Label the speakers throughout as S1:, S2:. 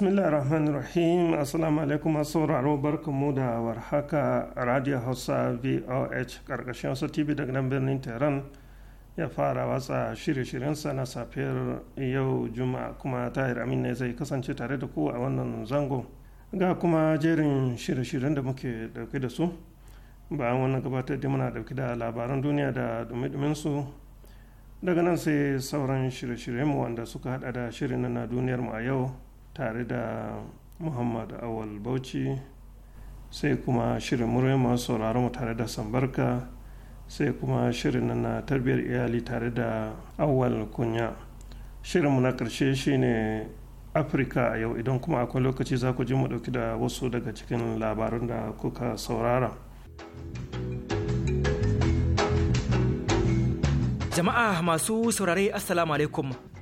S1: bismillah rahman rahim assalamu alaikum masu sauraro barkanmu da warhaka radio hausa voh karkashin wasu tv daga nan birnin tehran ya fara watsa shirye-shiryensa na safiyar yau juma'a kuma tahir amin ne zai kasance tare da ku a wannan zango ga kuma jerin shirye-shiryen da muke dauke da su bayan wannan gabatar da muna dauke da labaran duniya da dumi su daga nan sai sauran shirye-shiryenmu wanda suka hada da shirin na duniyarmu a yau tare da muhammad awal bauchi sai kuma shirin murai masu sauraron tare da sambarka sai kuma shirin na tarbiyyar iyali tare da awal kunya shirinmu na karshe shine afirka a yau idan kuma akwai lokaci za ku ji mu ɗauki da wasu daga cikin labarun da kuka saurara jama'a masu
S2: saurare assalamu alaikum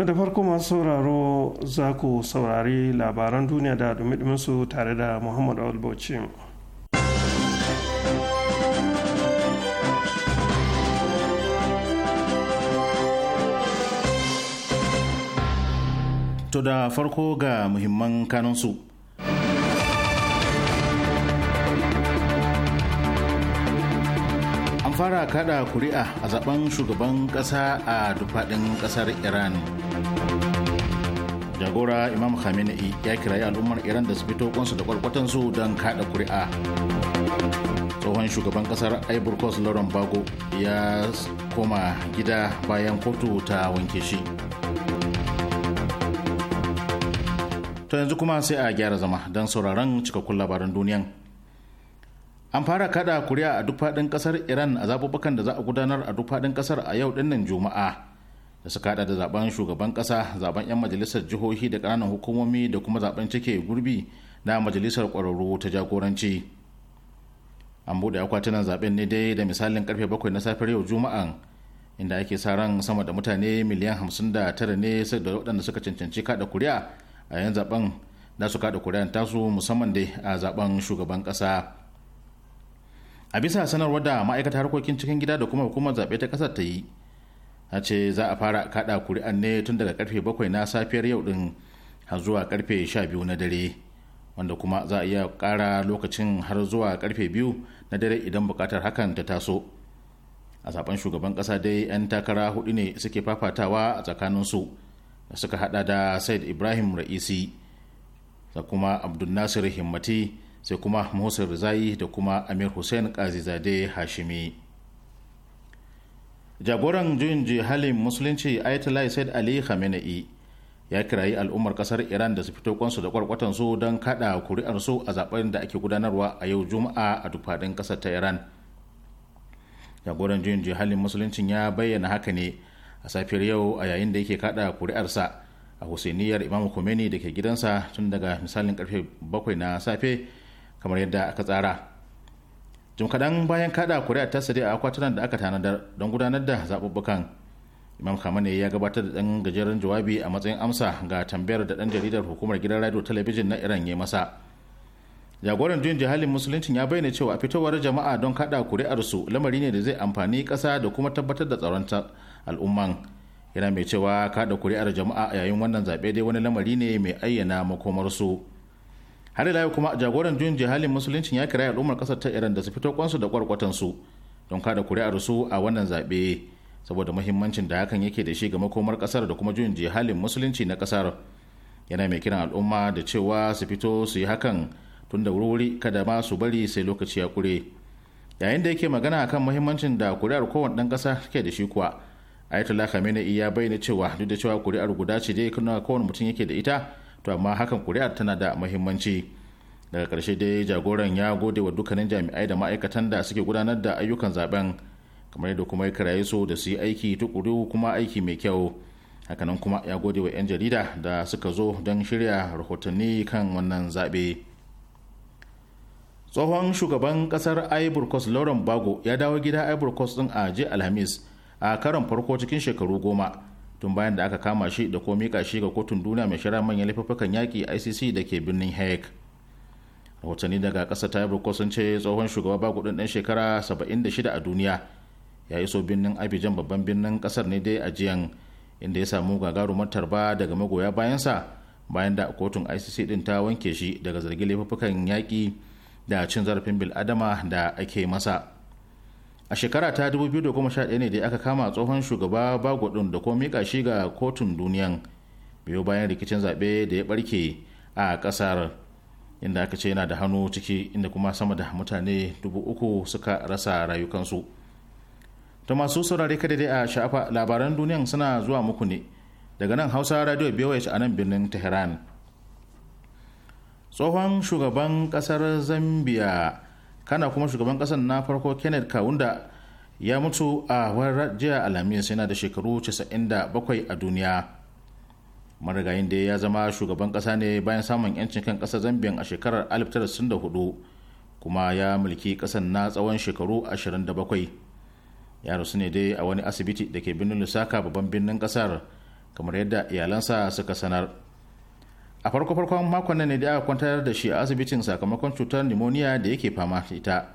S1: To da farko masu sauraro za ku saurari labaran duniya da dumi su tare da Muhammad Bauchi.
S3: To da farko ga muhimman kanunsu. fara kada kuri'a a zaben shugaban kasa a dufaɗin kasar iran jagora imam khamenei ya kirayi al'ummar iran da su fito kwansu da kwarkwatansu don kada kuri'a tsohon shugaban kasar ivory coast lauren bago ya koma gida bayan kotu ta wanke shi to yanzu kuma sai a gyara zama don sauraron cikakkun labaran duniyan an fara kada kuri'a a duk faɗin ƙasar iran a zaɓuɓɓukan da za a gudanar a duk faɗin ƙasar a yau ɗinnan juma'a da suka haɗa da zaben shugaban ƙasa zaben 'yan majalisar jihohi da ƙananan hukumomi da kuma zaben cike gurbi na majalisar ƙwararru ta jagoranci an buɗe akwatunan zaben ne dai da misalin karfe bakwai na safiyar yau juma'an inda ake sa ran sama da mutane miliyan hamsin da tara ne da waɗanda suka cancanci kada kuri'a a yan zaben da su kada kuri'an tasu musamman dai a zaben shugaban ƙasa. a bisa sanarwar da ma'aikatar harkokin cikin gida da kuma hukumar zaɓe ta ƙasar ta yi a ce za a fara kaɗa kuri'an ne tun daga karfe bakwai na safiyar yau ɗin har zuwa karfe sha biyu na dare wanda kuma za a iya ƙara lokacin har zuwa karfe biyu na dare idan buƙatar hakan ta taso a zaben shugaban ƙasa dai 'yan takara hudu ne suke fafatawa a su da suka hada da said ibrahim ra'isi da kuma abdulnasir himmati sai kuma muhsin rizayi da kuma amir hussein kazizade hashimi jagoran juyin jihalin musulunci ayatollah said ali khamenei ya kirayi al'ummar kasar iran da su fito kwansu da kwarkwatan su don kada kuri'arsu a zaben da ake gudanarwa a yau juma'a a duk faɗin kasar ta iran jagoran juyin jihalin musulunci ya bayyana haka ne a safiyar yau a yayin da yake kada kuri'arsa a husainiyar imam khomeini da ke gidansa tun daga misalin karfe bakwai na safe kamar yadda aka tsara jim kaɗan bayan kaɗa kuri'a ta sadi a akwatunan da aka tanadar don gudanar da zaɓuɓɓukan imam kamane ya gabatar da ɗan gajeren jawabi a matsayin amsa ga tambayar da ɗan jaridar hukumar gidan radio talabijin na iran ya masa jagoran juyin jihalin musuluncin ya bayyana cewa fitowar jama'a don kaɗa kuri'arsu lamari ne da zai amfani ƙasa da kuma tabbatar da tsaron al'umman yana mai cewa kaɗa kuri'ar jama'a yayin wannan zaɓe dai wani lamari ne mai ayyana makomarsu har ila yau kuma jagoran juyin jihalin musuluncin ya kira al'ummar kasar ta iran da su fito kwansu da kwarkwatan su don kada kuri'ar su a wannan zaɓe saboda muhimmancin da hakan yake da shi ga makomar kasar da kuma juyin jihalin musulunci na kasar yana mai kiran al'umma da cewa su fito su yi hakan tun da wuri kada ma su bari sai lokaci ya kure yayin da yake magana akan muhimmancin da kuri'ar kowane ɗan ƙasa ke da shi kuwa ayatollah khamenei ya bayyana cewa duk da cewa kuri'ar guda ce dai kowane mutum yake da ita to amma hakan kuri'a tana da mahimmanci daga karshe dai jagoran ya gode wa dukkanin jami'ai da ma'aikatan da suke gudanar da ayyukan zaben kamar yadda kuma ya karaye su da su yi aiki tukuru kuma aiki mai kyau hakanan kuma ya gode wa 'yan jarida da suka zo don shirya rahotanni kan wannan zaɓe. tsohon shugaban kasar ivory coast lauren bago ya dawo gida ivory coast din a jiya alhamis a karon farko cikin shekaru goma tun bayan da aka kama shi da ko mika shi ga kotun duniya mai shara manyan laifukan yaƙi icc da ke birnin haik rahotanni daga ƙasa ta ko sun ce tsohon shugaba bagudin ɗan shekara 76 a duniya ya iso birnin abijan babban birnin ƙasar ne dai a jiyan inda ya samu gagarumar tarba daga magoya bayansa bayan da kotun icc din ta wanke shi daga zargin laifukan yaƙi da cin zarafin bil'adama da ake masa a shekara ta 2011 ne da aka kama tsohon shugaba bago din da kuma mika shi ga kotun duniyan biyo bayan rikicin zaɓe da ya barke a ƙasar inda aka ce yana da hannu ciki inda kuma sama da mutane dubu uku suka rasa rayukansu ta masu saurare kada dai a sha'afa labaran duniyan suna zuwa muku ne daga nan hausa radio biyawai a nan birnin tehran tsohon shugaban ƙasar zambia kana kuma shugaban kasar na farko kenneth kawunda ya mutu a wayar jiya alhamis yana da shekaru 97 a duniya marigayin da ya zama shugaban kasa ne bayan samun yancin kan kasa zambia a shekarar 1964 kuma ya mulki kasar na tsawon shekaru 27 ya rasu ne dai a wani asibiti da ke birnin lusaka babban birnin kasar kamar yadda iyalansa suka sanar a farko farkon makon nan ne da aka kwantar da shi a asibitin sakamakon cutar pneumonia da yake fama da ita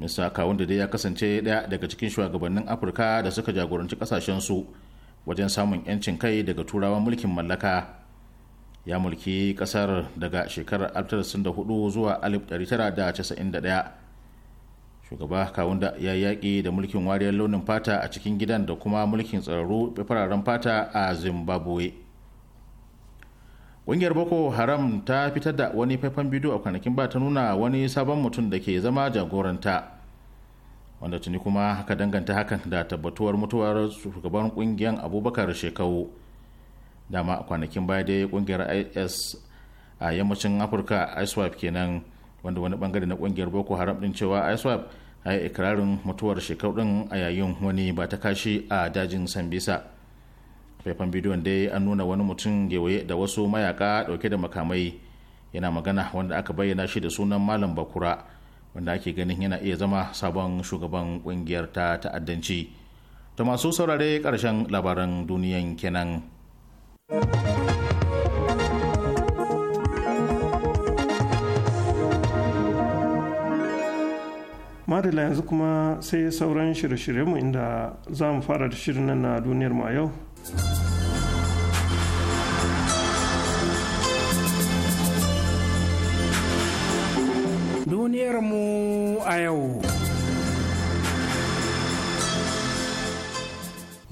S3: mr kawun da dai ya kasance daya daga cikin shugabannin afirka da suka jagoranci kasashen su wajen samun yancin kai daga turawan mulkin mallaka ya mulki kasar daga shekarar 1964 zuwa 1991 shugaba kawunda ya yaƙi da mulkin wariyar launin fata a cikin gidan da kuma mulkin tsararru fararen fata a zimbabwe ƙungiyar boko haram ta fitar da wani faifan bidiyo a kwanakin ba ta nuna wani sabon mutum da ke zama jagoranta wanda tuni kuma haka danganta hakan da tabbatuwar mutuwar shugaban ƙungiyar abubakar shekau dama a kwanakin baya dai ƙungiyar is a yammacin afirka iswap kenan wanda wani bangare na ƙungiyar boko haram din cewa iswap a ikirarin mutuwar shekau din a yayin wani ba ta kashi a dajin sambisa faifan bidiyon dai an nuna wani mutum gewaye da wasu mayaka dauke da makamai yana magana wanda aka bayyana shi da sunan malam bakura wanda ake ganin yana iya zama sabon shugaban kungiyar ta ta'addanci ta masu saurare karshen labaran duniyan kenan
S1: madala yanzu kuma sai sauran shirye-shiryenmu inda za mu fara da shirin na duniyar mu a yau
S4: Duniyarmu a yau.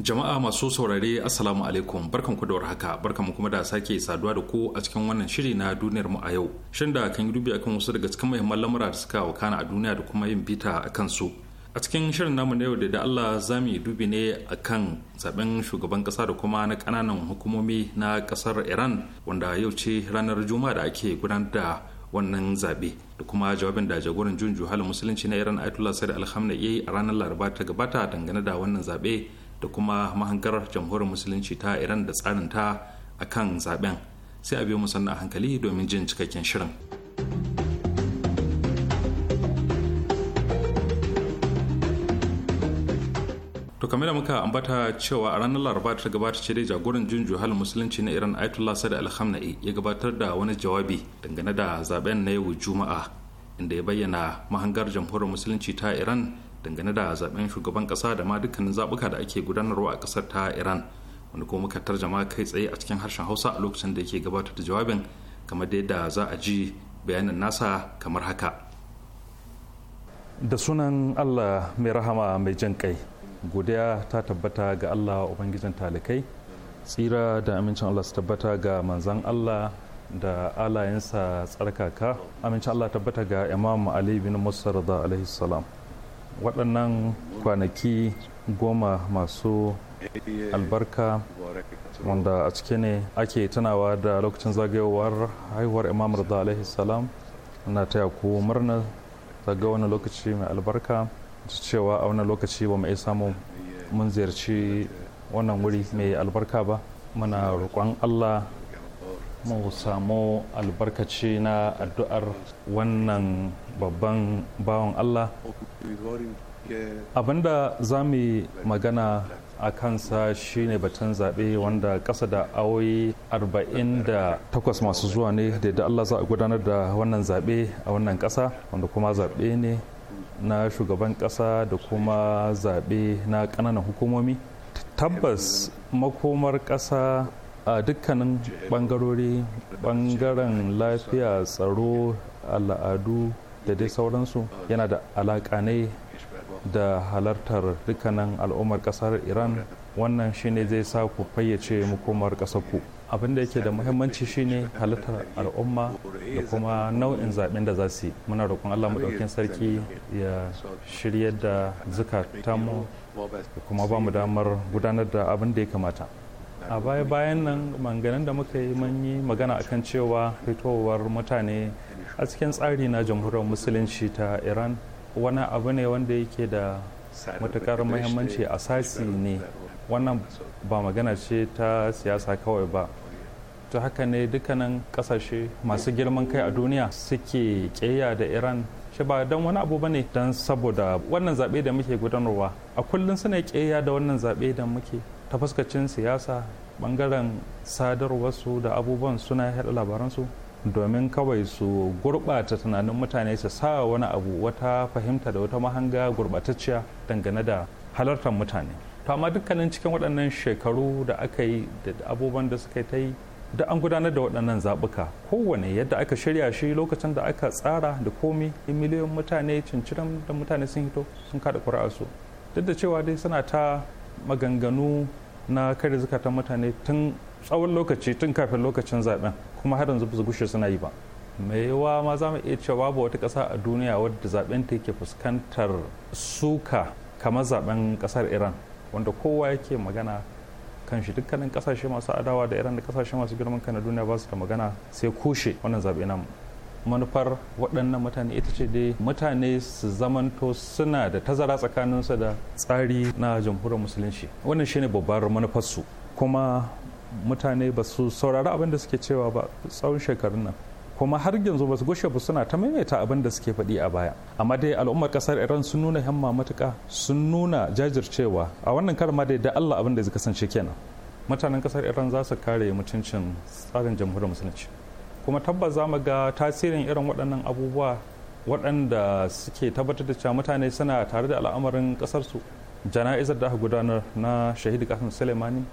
S5: Jama'a masu saurare Assalamu alaikum barkanku da warhaka barkanmu kuma da sake saduwa da ku a cikin wannan shiri na duniyar a yau. Shin da kan yi dubi akan wasu daga cikin muhimman lamura da suka wakana a duniya da kuma yin bita a kansu. a cikin shirin namu na yau da Allah za mu yi dubi ne a kan zaben shugaban kasa da kuma na kananan hukumomi na kasar iran wanda yau ce ranar juma'a da ake gudanar da wannan zabe da kuma jawabin da jagoran jun juhalin musulunci na iran ayatollah da alhamna yayi a ranar laraba ta gabata dangane da wannan zabe da kuma mahangar jamhuriyar musulunci ta iran da tsarin ta a kan zaben sai a biyo musanna hankali domin jin cikakken shirin. to kamar da muka ambata cewa a ranar laraba ta gabata ce dai jagoran jin juhal musulunci na iran ayatollah sadi alhamna'i ya gabatar da wani jawabi dangane da zaben na yau juma'a inda ya bayyana mahangar jamhuriyar musulunci ta iran dangane da zaben shugaban kasa da ma dukkanin zabuka da ake gudanarwa a kasar ta iran wani kuma muka tarjama kai tsaye a cikin harshen hausa a lokacin da yake gabatar da jawabin kamar da yadda za a ji bayanin nasa kamar haka da sunan allah mai rahama mai jin kai godiya ta tabbata ga allah ubangijin talikai tsira da amincin allah su tabbata ga manzan allah da alayensa tsarkaka amincin allah tabbata ga imam ali bin musar da alaihi salam waɗannan kwanaki goma masu albarka wanda a cike ne ake tunawa da lokacin zagayowar haihuwar imam da alaihi salam na taya ku murna zaga wani lokaci mai albarka cewa a wannan lokaci ba mu iya samu mun ziyarci wannan wuri mai albarka ba muna roƙon allah mu samu albarkaci na addu'ar wannan babban bawan allah abinda za mu magana a kansa shine batun zaɓe wanda ƙasa da awoyi 48 masu zuwa ne da Allah za a gudanar da wannan zaɓe a wannan ƙasa wanda kuma zaɓe ne na shugaban ƙasa da kuma zaɓe na ƙananan hukumomi tabbas makomar ƙasa a dukkanin ɓangarori ɓangaren lafiya tsaro al'adu da dai sauransu yana da alaƙa ne da halartar dukkanin al'ummar ƙasar iran wannan shine zai sa ku fayyace makomar ƙasar ku abin da yake da muhimmanci shine halittar al'umma da kuma nau'in zaben da za su yi muna roƙon allah maɗaukin sarki ya shirya da zukatanmu da kuma ba mu damar gudanar da abin da ya kamata a baya bayan nan manganin da muka yi mun yi magana akan cewa fitowar mutane a cikin tsari na jamhuriyar musulunci ta iran wani abu ne wanda yake da matukar muhimmanci asasi ne wannan ba magana ce ta siyasa kawai ba to haka ne dukkanin kasashe masu girman kai a duniya suke keya da iran shi ba don wani abu bane don saboda wannan zaɓe da muke gudanarwa a kullum suna keya da wannan zaɓe da muke ta fuskacin siyasa bangaren sadarwarsu da abubuwan suna yaɗa labaransu domin kawai su gurɓata tunanin mutane su sa wani abu wata fahimta da wata mahanga gurɓatacciya dangane da halartar mutane to amma dukkanin cikin waɗannan shekaru da aka yi da abubuwan da suka yi ta yi da an gudanar da waɗannan zaɓuka kowane yadda aka shirya shi lokacin da aka tsara da komi in miliyon mutane cinciran da mutane sun hito sun kada su duk da cewa dai suna ta maganganu na kare zukatan mutane tun tsawon lokaci tun kafin lokacin zaɓen kuma har yanzu su gushe suna yi ba mai yawa ma za mu iya cewa babu wata ƙasa a duniya wadda zaɓen ta yake fuskantar suka kamar zaɓen ƙasar iran wanda kowa yake magana kanshi dukkanin kasashe masu adawa da iran da kasashe masu girman kan duniya ba su da magana sai kushe wannan zaɓe namu manufar waɗannan mutane ita ce dai mutane su zamanto suna da tazara tsakaninsu da tsari na jamhuriyar musulunci wannan shine babbar manufarsu kuma mutane ba su saurari abin da suke cewa ba tsawon shekarun nan kuma har yanzu ba su gushe ba suna ta maimaita abin da suke faɗi a baya amma dai al'ummar kasar iran sun nuna himma matuka sun nuna jajircewa a wannan karin ma dai da allah abin da zai kasance kenan mutanen kasar iran za su kare mutuncin tsarin jamhuriyar musulunci kuma tabbas za mu ga tasirin irin waɗannan abubuwa waɗanda suke tabbatar da cewa mutane suna tare da al'amarin ƙasarsu jana'izar da aka gudanar na shahidu kasim suleimani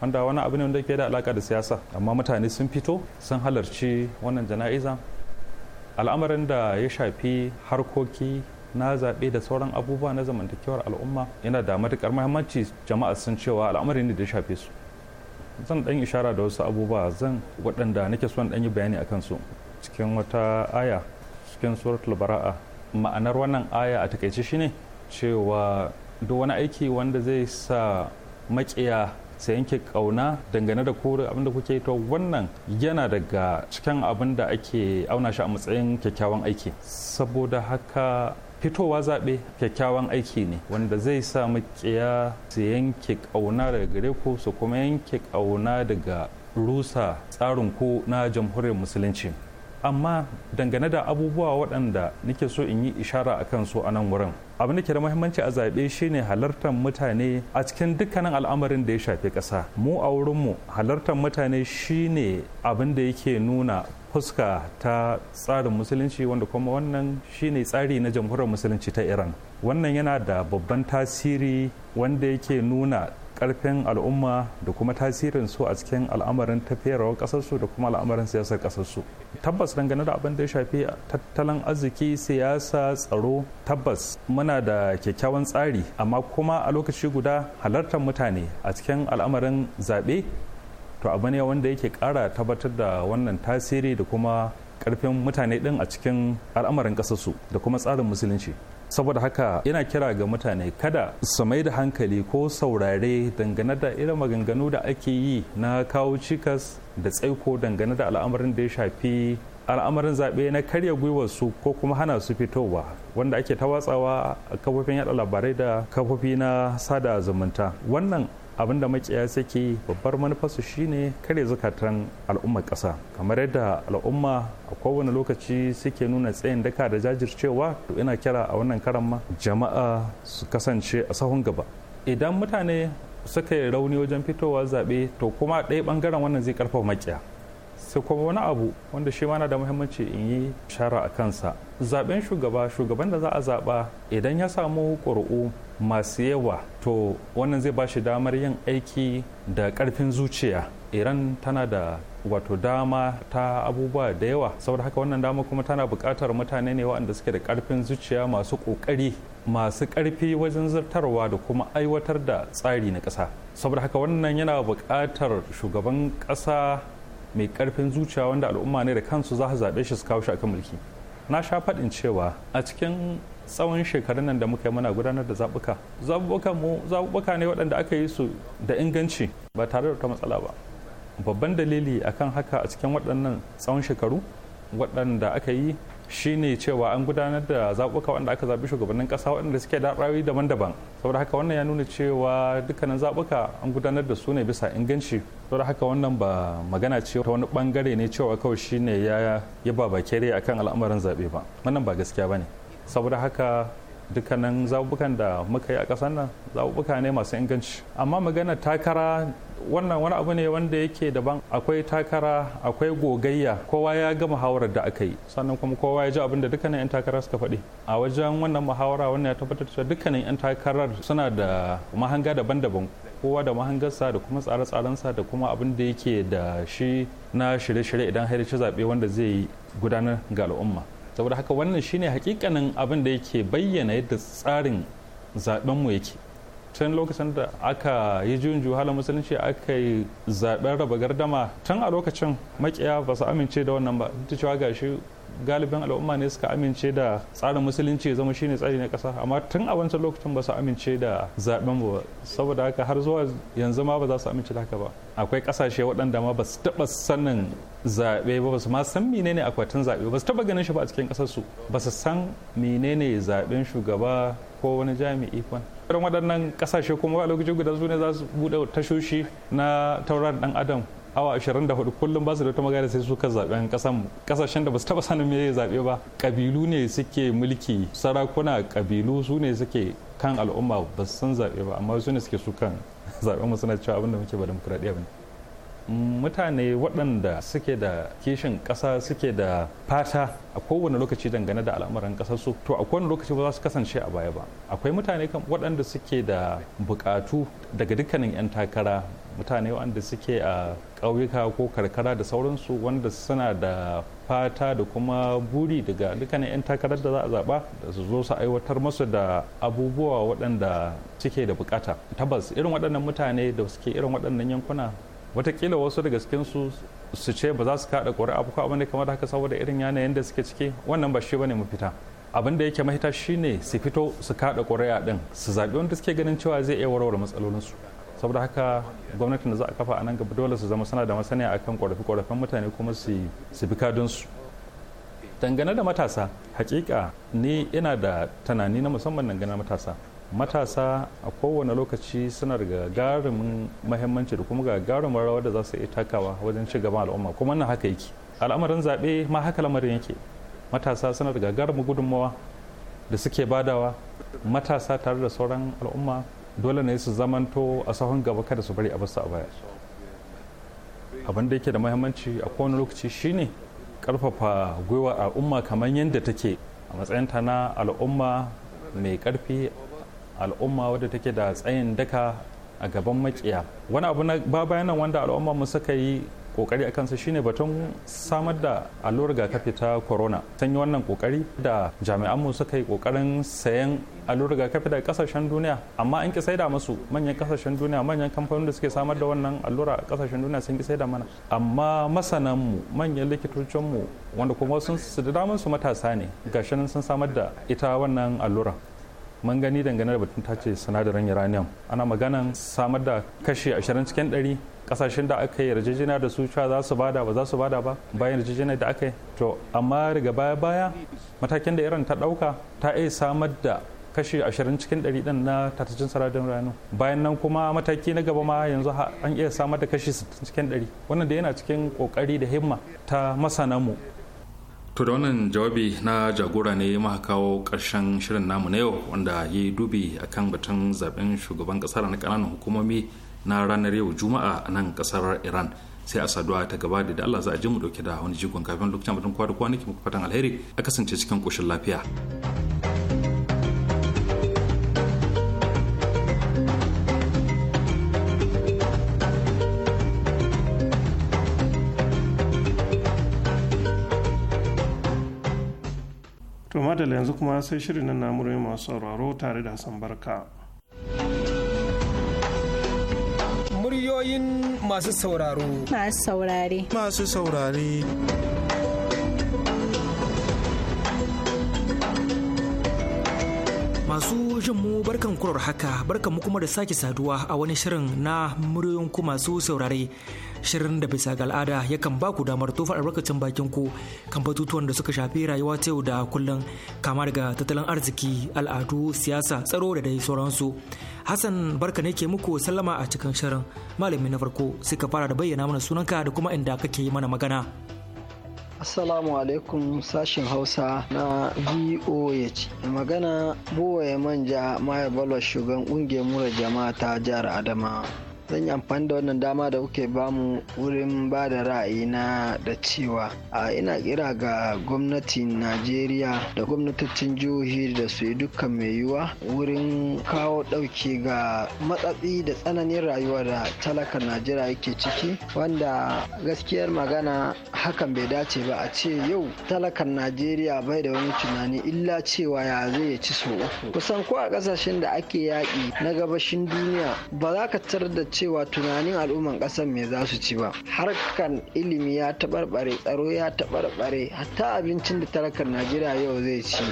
S5: wanda wani abu ne wanda ke da alaka da siyasa amma mutane sun fito sun halarci wannan jana'iza al'amarin da ya shafi harkoki na zaɓe da sauran abubuwa na zamantakewar al'umma yana da matuƙar muhimmanci jama'a sun cewa al'amarin ne da ya shafe su zan ɗan ishara da wasu abubuwa zan waɗanda nake son ɗan yi bayani akan su cikin wata aya cikin suratul bara'a ma'anar wannan aya a takaice shine cewa duk wani aiki wanda zai sa maƙiya sai yanke kauna dangane da kore abin da kuke to wannan yana daga cikin abin da ake auna shi a matsayin kyakkyawan aiki saboda haka fitowa zaɓe kyakkyawan aiki ne wanda zai sa makiya su yanke kauna daga gare ku su kuma yanke kauna daga rusa tsarin ku na jamhuriyar musulunci amma dangane da abubuwa waɗanda nake so in yi ishara a kan su a nan wurin abin da ke da muhimmanci a zaɓe shine halartar mutane a cikin dukkanin al'amarin da ya shafi ƙasa mu a wurinmu halartar mutane shine abin da yake nuna fuska ta tsarin musulunci wanda kuma wannan shine tsari na jamhuriyar musulunci ta iran wannan yana da babban tasiri wanda yake nuna karfin al'umma da kuma tasirin su a cikin al'amarin tafiyarwar kasarsu da kuma al'amarin siyasar kasarsu tabbas dangane da abin da ya shafi tattalin arziki siyasa tsaro tabbas muna da kyakkyawan tsari amma kuma a lokaci guda halartar mutane a cikin al'amarin zaɓe to abu ne wanda yake ƙara tabbatar da wannan tasiri da kuma karfin mutane din a cikin al'amarin kasarsu da kuma tsarin musulunci saboda haka yana kira ga mutane kada su mai da hankali ko saurare dangane da irin maganganu da ake yi na kawo cikas da tsaiko dangane da al'amarin da ya shafi al'amarin zaɓe na karya gwiwar su ko kuma hana su fitowa wanda ake ta watsawa a kafofin yada labarai da kafofi na sada zumunta wannan abin da makiya suke babbar manufarsu shine kare zukatan al'ummar ƙasa kamar yadda al'umma a kowane lokaci suke nuna tsayin daka da jajircewa to ina kira a wannan karan ma jama'a su kasance a sahun gaba idan mutane suka yi rauni wajen fitowa zaɓe to kuma ɗaya ɓangaren wannan zai ƙarfafa makiya sai kuma wani abu wanda shi mana da muhimmanci in yi shara a kansa zaben shugaba shugaban da za a zaba idan ya samu ƙuri'u masu yawa to wannan zai ba shi damar yin aiki da ƙarfin zuciya iran tana da wato dama ta abubuwa da yawa saboda haka wannan dama kuma tana buƙatar mutane ne waɗanda suke da ƙarfin zuciya masu ƙoƙari masu ƙarfi wajen zartarwa da kuma aiwatar da tsari na ƙasa saboda haka wannan yana buƙatar shugaban ƙasa mai karfin zuciya wanda al'umma ne da kansu za su zaɓe shi su kawo shi akan mulki na sha faɗin cewa a cikin tsawon shekarun nan da muka yi muna gudanar da zaɓuka zaɓuɓɓuka ne waɗanda aka yi su da inganci ba tare da ta matsala ba babban dalili akan haka a cikin waɗannan tsawon shekaru waɗanda aka yi shine cewa an gudanar da zaɓuka wanda aka zaɓi shugabannin ƙasa waɗanda suke da ra'ayoyi daban-daban saboda haka wannan ya nuna cewa dukkanin zaɓuka an gudanar da su ne bisa inganci saboda haka wannan ba magana ce ta wani bangare ne cewa kawai shine ya yi babakere akan al'amarin zaɓe ba wannan ba gaskiya ba ne saboda haka dukkanin zabubukan da muka yi a kasar nan zabubuka ne masu inganci amma magana takara wannan wani abu ne wanda yake daban akwai takara akwai gogayya kowa ya ga muhawarar da aka yi sannan kuma kowa ya ji abin da dukkanin 'yan takarar suka faɗi a wajen wannan muhawara wannan ya tabbatar cewa dukkanin 'yan takarar suna da mahanga daban-daban kowa da mahangarsa da kuma tsare-tsarensa da kuma abin da yake da shi na shirye-shirye idan har ci zaɓe wanda zai gudanar ga al'umma saboda haka wannan shine hakikanin abin da yake bayyana yadda tsarin zaben mu yake tun lokacin da aka yi juyin juhalar musulunci aka yi zaben raba gardama tun a lokacin makiya ba su amince da wannan ba ta cewa gashi galibin al'umma ne suka amince da tsarin musulunci zama ne tsari na kasa amma tun a wancan lokacin ba su amince da zaben ba saboda haka har zuwa yanzu ma ba za su amince da haka ba akwai kasashe waɗanda ma ba su taɓa sanin zaɓe ba ba su ma san menene akwatin zaɓe ba su taɓa ganin shi ba a cikin ƙasar su ba su san menene zaɓen shugaba ko wani jami'i kwan irin waɗannan ƙasashe kuma a lokacin guda su ne za su buɗe tashoshi na tauraron ɗan adam awa 24 kullum ba su da wata magana sai suka ka zaɓen kasashen da ba su taɓa sanin me zabe ba ƙabilu ne suke mulki sarakuna ƙabilu su ne suke kan al'umma ba su san zaɓe ba amma su ne suke su kan zaben mu suna cewa abin da muke ba demokradiya bane mutane waɗanda suke da kishin ƙasa suke da fata a kowane lokaci dangane da al'amuran ƙasar su to a kowane lokaci ba za su kasance a baya ba akwai mutane waɗanda suke da buƙatu daga dukkanin 'yan takara mutane waɗanda suke a ƙauyuka ko karkara da sauransu wanda suna da fata da kuma buri daga dukkanin 'yan takarar da za a zaɓa da su zo su aiwatar masu da abubuwa waɗanda suke da bukata tabbas irin waɗannan mutane da suke irin waɗannan yankuna watakila wasu daga cikinsu su su ce ba za su kaɗa ƙuri'a ko abin da kamar haka saboda irin yanayin da suke cike wannan ba shi bane mafita abin da yake mahita shine su fito su kaɗa ƙuri'a din su zaɓi wanda suke ganin cewa zai iya warware su saboda haka gwamnatin da za a kafa a nan gaba dole su zama suna da masaniya akan ƙorafi ƙorafin mutane kuma su bi su dangane da matasa hakika ni ina da tunani na musamman dangane matasa matasa a kowane lokaci suna da garumin mahimmanci da kuma gagarumin rawar da za su yi takawa wajen ci gaban al'umma kuma nan haka yake al'amarin zaɓe ma haka lamarin yake matasa suna da garumin gudunmawa da suke badawa matasa tare da sauran al'umma dole ne su zamanto a sahun gaba kada su bari a basu a baya abin da yake da mahimmanci a kowane lokaci shine karfafa gwiwa al'umma kamar yadda take a matsayinta na al'umma mai karfi al'umma wadda take da tsayin daka a gaban makiya wani abu na ba wanda al'umma mu suka yi kokari a kansa shine batun samar da allurar rigakafi ta corona sun yi wannan kokari da jami'an mu suka yi kokarin sayan allurar rigakafi daga kasashen duniya amma an ki saida musu manyan kasashen duniya manyan kamfanin da suke samar da wannan allura a kasashen duniya sun ki saida mana amma masanan mu manyan likitocin mu wanda kuma sun su da damansu matasa ne gashi sun samar da ita wannan allura mun gani dangane da batun tace sinadarin uranium ana maganan samar da kashi 20 cikin 100 kasashen da aka yi yarjejeniya da su cewa za su bada ba za su bada ba bayan yarjejeniyar da aka yi to amma daga baya baya matakin da iran ta dauka ta iya samar da kashi 20 cikin 100 din na tatacin sinadarin uranium bayan nan kuma mataki na gaba ma yanzu an iya samar da kashi 60 cikin 100 wannan da yana cikin kokari da himma ta masananmu to da wannan jawabi na jagora ne maka kawo ƙarshen shirin namu na yau wanda ya yi dubi akan batun zaben shugaban ƙasar na kananan hukumomi na ranar yau juma'a a nan ƙasar iran sai a saduwa ta gaba da Allah za a je mu dauke da wani jigon kafin lokacin batun kwa da kwanaki muku fatan alheri a kasance cikin koshin lafiya.
S1: madala yanzu kuma sai shirin nan namurai masu sauraro tare da hassan barka
S2: muryoyin masu sauraro
S6: masu saurare masu
S2: saurare Masu jin mu barkan kurar haka barkan mu kuma da sake saduwa a wani shirin na muryoyin ku masu saurare shirin da bisa ga al'ada yakan ba ku damar tofa albarkacin bakin ku kan batutuwan da suka shafi rayuwa ta yau da kullum kama daga tattalin arziki al'adu siyasa tsaro da dai sauransu Hassan barka ne ke muku sallama a cikin shirin malami na farko sai ka fara da bayyana mana sunanka da kuma inda kake yi mana magana.
S7: Assalamu alaikum sashin Hausa na VOH. Magana Buwaye Manja Maya Balwa shugan ƙungiyar mura jama'a ta jihar adamawa zan yi amfani da wannan dama da kuke bamu wurin ba da ra'ayina da cewa a ina kira ga gwamnatin najeriya da gwamnatocin jihohi da su yi dukkan mai yiwuwa wurin kawo ɗauke ga matsatsi da tsananin rayuwa da talakar najeriya yake ciki wanda gaskiyar magana hakan bai dace ba a ce yau talakan najeriya bai da wani tunani illa cewa ya zai ci so uku kusan ko a ƙasashen da ake yaƙi na gabashin duniya ba za ka tarar da cewa tunanin al'umman ƙasar me za su ci ba harkan ilimi ya taɓarɓare tsaro ya taɓarɓare hatta abincin da tarakar najeriya yau zai ci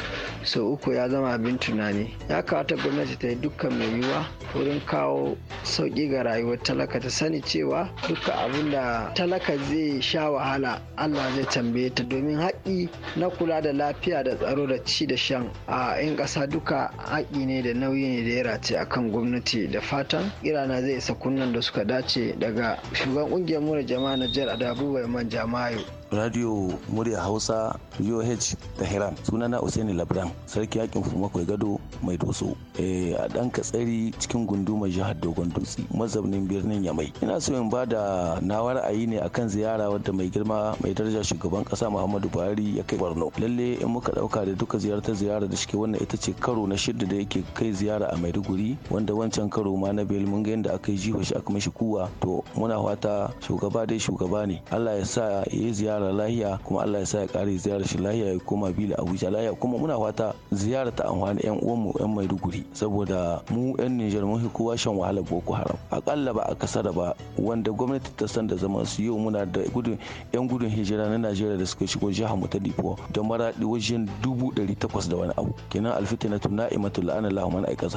S7: sau uku ya zama abin tunani ya kawata gwamnati ta yi dukkan mai yiwuwa wurin kawo sauƙi ga rayuwar talaka ta sani cewa duka abin da talaka zai sha wahala allah zai tambaye ta domin haƙƙi na kula da lafiya da tsaro da ci da shan a 'yan ƙasa duka haƙƙi ne da nauyi ne da ya race akan gwamnati da fatan irana zai isa wannan da suka dace daga shugaban kungiyar mura jama'a na jihar adabu bayan man yau.
S8: radio murya hausa voh suna na usaini labran sarki yakin fumakwai gado mai doso eh, a dan katsari cikin gundumar jihar dogon dutse mazaunin birnin yamai ina so in bada nawa ra'ayi ne akan ziyara wadda mai girma mai daraja shugaban kasa muhammadu buhari ya kai borno lalle in muka dauka da duka ziyartar ziyara da shike wannan ita ce karo na shidda da yake kai ziyara a maiduguri wanda wancan karo ma na bel mun ga yadda aka yi jiho aka mashi kuwa to muna fata shugaba dai shugaba ne allah ya sa ya yi ziyara ziyara lahiya kuma Allah ya sa ya kare ziyarar shi lahiya ya koma da Abuja lahiya kuma muna fata ziyara ta amfani yan mu yan Maiduguri saboda mu yan Nijar mun kowa shan wahala Boko Haram a akalla ba a da ba wanda gwamnati ta san da zaman su yau muna da gudun yan gudun hijira na Najeriya da suka shigo jihar mu ta Dipo da maradi wajen dubu ɗari takwas da wani abu kenan na na'imatu la'ana lahu man ita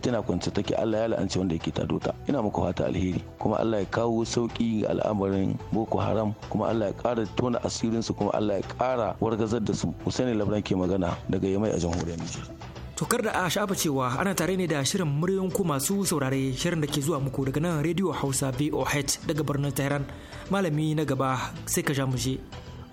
S8: tana kwance take Allah ya la'anci wanda yake tado ta ina muku fata alheri kuma Allah ya kawo sauki ga al'amarin Boko Haram kuma Allah ya kara tona da asirin su kuma Allah ya kara wargazar da su Usaini Labran ke magana daga Yamai a jamhuriyar Nijar.
S2: Tokar da a shafa cewa ana tare ne da shirin muryoyin ku masu saurare shirin da ke zuwa muku daga nan rediyo Hausa VOH daga birnin Tehran malami na gaba sai ka sha mu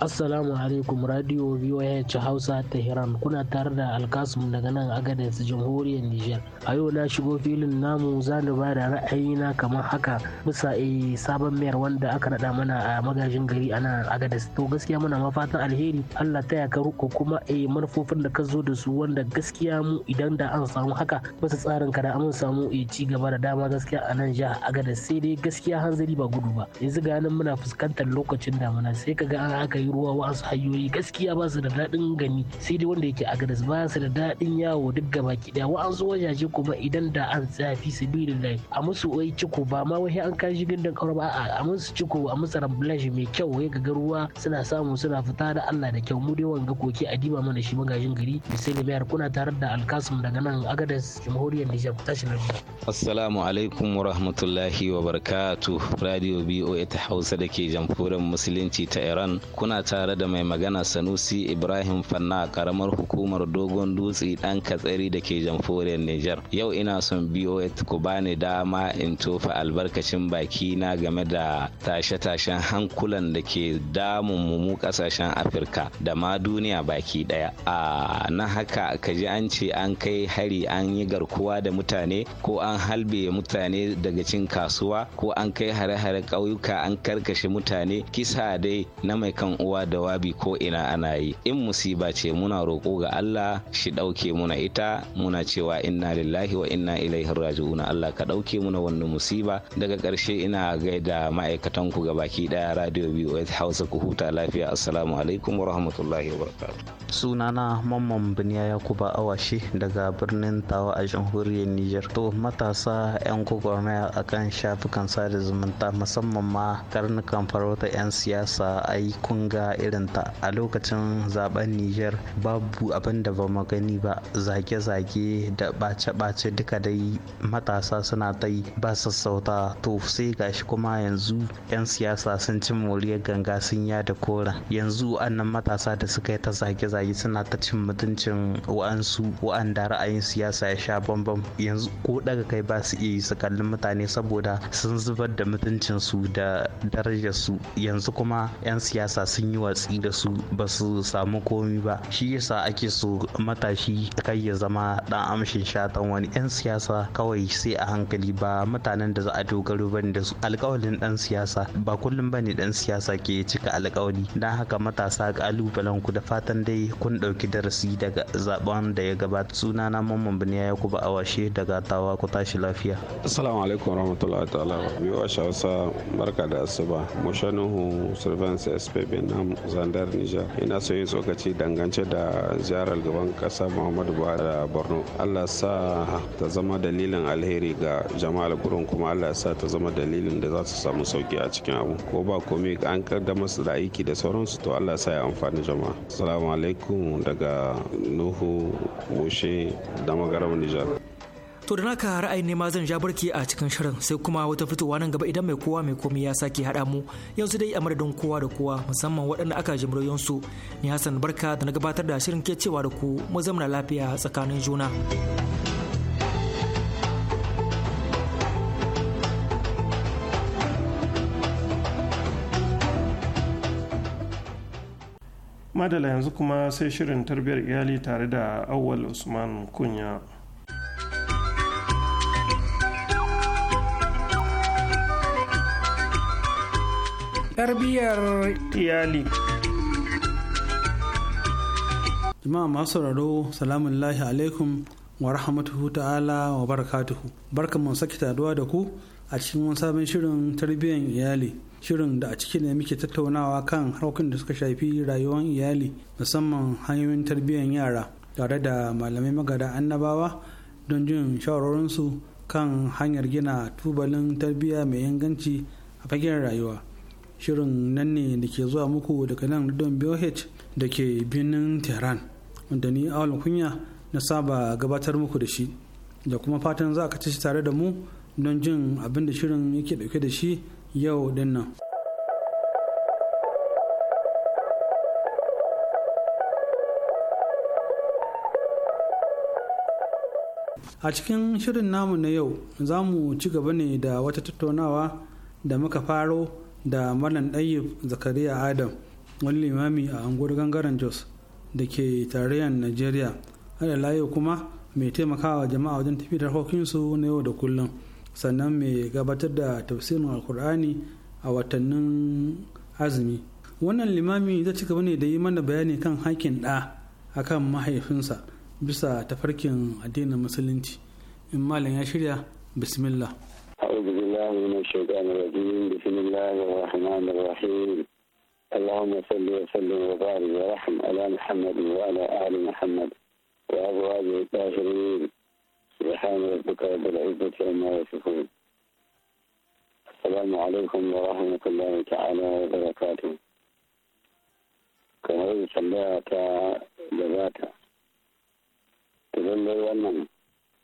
S9: Assalamu alaikum Radio ci Hausa Tehran kuna tare da Alkasum daga nan Agadez Jamhuriyar Nijar. A yau na shigo filin namu za ni ba da ra'ayina kamar haka bisa a eh, sabon mayar wanda aka naɗa mana a magajin gari a nan Agadez. To gaskiya muna mafatan alheri Allah ta yaka ko kuma a eh, manufofin da ka zo da su wanda gaskiya mu idan da an samu haka bisa tsarin ka da an samu a eh, ci gaba da dama gaskiya a nan jihar Agadez sai dai gaskiya hanzari ba gudu ba. Yanzu ga nan muna fuskantar lokacin damuna sai ka ga an haka yi ruwa wasu hanyoyi gaskiya ba su da daɗin gani sai dai wanda yake agadas ba su da daɗin yawo duk gaba ki daya wa'ansu wajaje kuma idan da an tsafi bi da lai a musu wai ciko ba ma wai an shi gindin kaura ba a musu ciko a musu ramblash mai kyau wai ga ruwa suna samu suna fita da Allah da kyau mu dai wanga koki a diba mana shi magajin gari da mayar kuna tare da alkasum daga nan agadas jamhuriyar Nijar tashi lafiya
S10: assalamu alaikum wa rahmatullahi wa barakatuh radio BOA ta Hausa da ke jamhuriyar musulunci ta Iran kuna tare da mai magana Sanusi Ibrahim Fanna karamar hukumar Dogon Dutse dan Katsari da ke jamforiyar Nijar. Yau ina son BOS ku bani dama in tofa albarkacin baki na game da tashe-tashen hankulan da ke damun mu kasashen Afirka da ma duniya baki daya. A na haka ka ji an ce an kai hari an yi garkuwa da mutane ko an halbe mutane daga cin kasuwa ko an kai hare-hare ƙauyuka an karkashe mutane kisa dai na mai kan uwa da wabi ko ina ana yi in musiba ce muna roƙo ga Allah shi ɗauke muna ita muna cewa inna lillahi wa inna ilaihi raji'un Allah ka ɗauke muna wannan musiba daga ƙarshe ina gaida ma'aikatan ku gabaki ɗaya radio BOS Hausa ku huta lafiya assalamu alaikum wa rahmatullahi wa barakatuh
S11: sunana mamman biniya yakuba awashi daga birnin tawa a jamhuriyar Niger to matasa yan gwagwarmaya akan shafukan sada zumunta musamman ma karnukan farauta yan siyasa ai kun ga irinta a lokacin zaben Nijar babu abin da ba gani ba zage-zage da ɓace-ɓace duka dai matasa suna ta yi ba sassauta to sai gashi kuma yanzu 'yan siyasa sun ci moriyar ganga sun ya da kora yanzu annan matasa da suka yi ta zage-zage suna ta cin mutuncin wa'ansu wa'anda ra'ayin siyasa ya sha bambam yanzu ko daga kai ba su iya yi su kalli mutane saboda sun zubar da mutuncinsu da darajarsu yanzu kuma 'yan siyasa sun sun yi watsi da su ba su samu komi ba shi yasa ake so matashi kai ya zama dan amshin shatan wani yan siyasa kawai sai a hankali ba mutanen da za a dogaro bane da su alkawalin dan siyasa ba kullum bane dan siyasa ke cika alkawali dan haka matasa kalubalen ku da fatan dai kun dauki darasi daga zaben da ya gabata sunana mamman biniya ya kuba washe daga tawa ku tashi lafiya assalamu alaikum warahmatullahi ta'ala biyu a shawasa barka da asuba mushanuhu surveillance sp nan zandar nijar ina so yin tsokaci dangance da ziyarar gaban kasa muhammadu buhari da borno allah sa ta zama dalilin alheri ga jama'a gurin kuma allah sa ta zama dalilin da za su samu sauki a cikin abu ko ba komai an kaddamar su da aiki da sauransu to allah sa ya amfani jama'a assalamu alaikum daga nuhu moshe da magaram nijar
S2: To da naka ra'ayin ne ma zan ja barki a cikin shirin sai kuma wata fitowa nan gaba idan mai kowa mai komai ya sake haɗa mu yanzu dai a madadin kowa da kowa musamman waɗanda aka ji su ni Hassan Barka da na gabatar da shirin ke cewa da ku mu zamna lafiya tsakanin juna.
S1: Madala yanzu kuma sai shirin tarbiyyar iyali tare da Awwal Usman Kunya.
S4: tarbiyyar iyali jama'a masu sauraro salamun lahi alaikum wa rahmatuhu ta'ala wa barakatuhu barka mu saki taduwa da ku a cikin wani sabon shirin tarbiyyar iyali shirin da a ciki ne muke tattaunawa kan harkokin da suka shafi rayuwar iyali musamman hanyoyin tarbiyyar yara tare da malamai magada annabawa don jin shawarorinsu kan hanyar gina tubalin tarbiyya mai inganci a fagen rayuwa shirin nan ne da ke zuwa muku daga nan don BOH da ke birnin Tehran wanda ni awal kunya na saba gabatar muku da shi da kuma fatan za ka ci tare da mu don jin abin da shirin yake dauke da shi yau din nan. a cikin shirin namu na yau za mu ci gaba ne da wata tattaunawa da muka faro da malam ɗayyib zakariya adam wani limami a unguwar gangaren jos da ke tarayyar nigeria hada layo kuma mai taimakawa jama'a wajen tafi da hokinsu na yau da kullum sannan mai gabatar da tafsirin alkur'ani a watannin azumi wannan limami zai ci gaba ne da yi mana bayani kan hakin ɗa kan mahaifinsa bisa tafarkin addinin musulunci in malam ya shirya bismillah
S12: أعوذ بالله من الشيطان الرجيم بسم الله الرحمن الرحيم اللهم صل وسلم وبارك ورحم على محمد وعلى آل محمد وأزواجه الطاهرين سبحان ربك رب العزة عما يصفون السلام عليكم ورحمة الله تعالى وبركاته كما tambaya ta gabata ta lallai wannan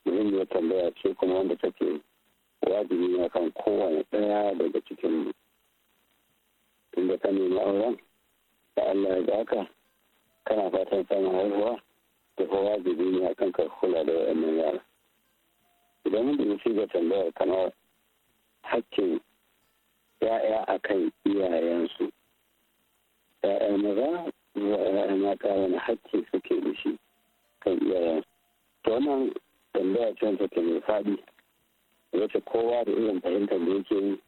S12: muhimmiyar tambaya ce wajibi ne kan kowane ɗaya daga cikin mu tunda ka nemi auren da Allah ya baka kana fatan samun haihuwa da kowa wajibi ne a kan ka kula da wannan yara idan mun dubi shi ga tambayar kamar hakkin ya'ya a kan iyayensu ya'ya maza zuwa ya'ya mata wani hakki suke da shi kan iyayensu to wannan tambaya ce ta ke mai faɗi wacce kowa da irin fahimtar da yake yi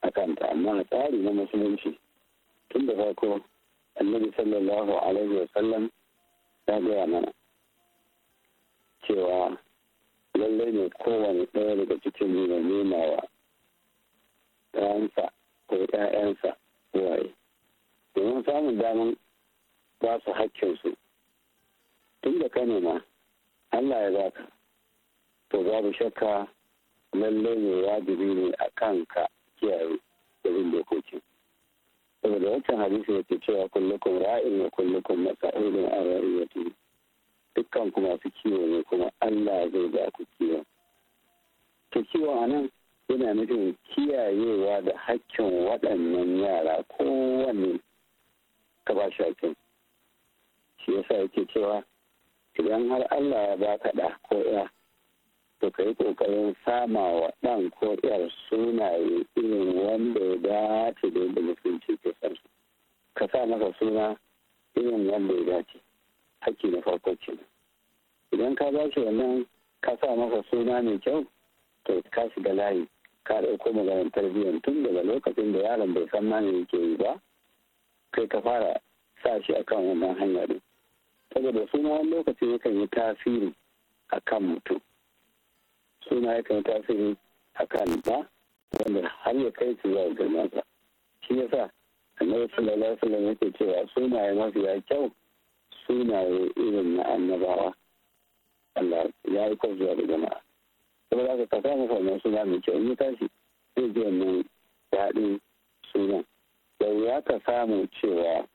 S12: a kanta amma tsari na musulunci tun da farko annabi sallallahu alaihi wa sallam ya gaya mana cewa lallai ne kowane ɗaya daga cikin mu nema wa ɗayansa ko ‘ya'yansa waye domin samun daman ba su haƙƙinsu tun da ka nema Allah ya baka to babu shakka lallai ne wajibi ne a kanka kiyaye da bin dokokin saboda wancan hadisi da ke cewa kullukun ra'in wa kullukum masa'ulun an ra'iyati dukkan ku masu kiwo ne kuma Allah zai ba ku kiwo to kiwo a nan yana nufin kiyayewa da hakkin waɗannan yara kowanne ka ba shi hakkin shi yasa yake cewa idan har Allah ya baka ɗa ko ya to ka yi ƙoƙarin sama wa ɗan ko ƴar sunaye irin wanda ya dace da yadda musulunci ke san su ka sa masa suna irin wanda ya dace haƙƙi na farko ce idan ka ba shi wannan ka sa masa suna mai kyau to ka shiga layi ka ɗauko maganar tarbiyyar tun daga lokacin da yaron bai san mani yake yi ba kai ka fara sa shi akan wannan hanya ne saboda suna wani lokaci yakan yi tasiri a kan mutum suna ya tasiri a kan ba wanda har ya kai su zuwa sa shi ya sa annabi sallallahu alaihi wasallam yake cewa sunaye mafiya kyau sunaye irin na annabawa Allah ya yi kwan da jama'a kuma za ka masa wannan suna mai kyau in ya tashi zai ji wannan daɗin sunan yau ya ka samu cewa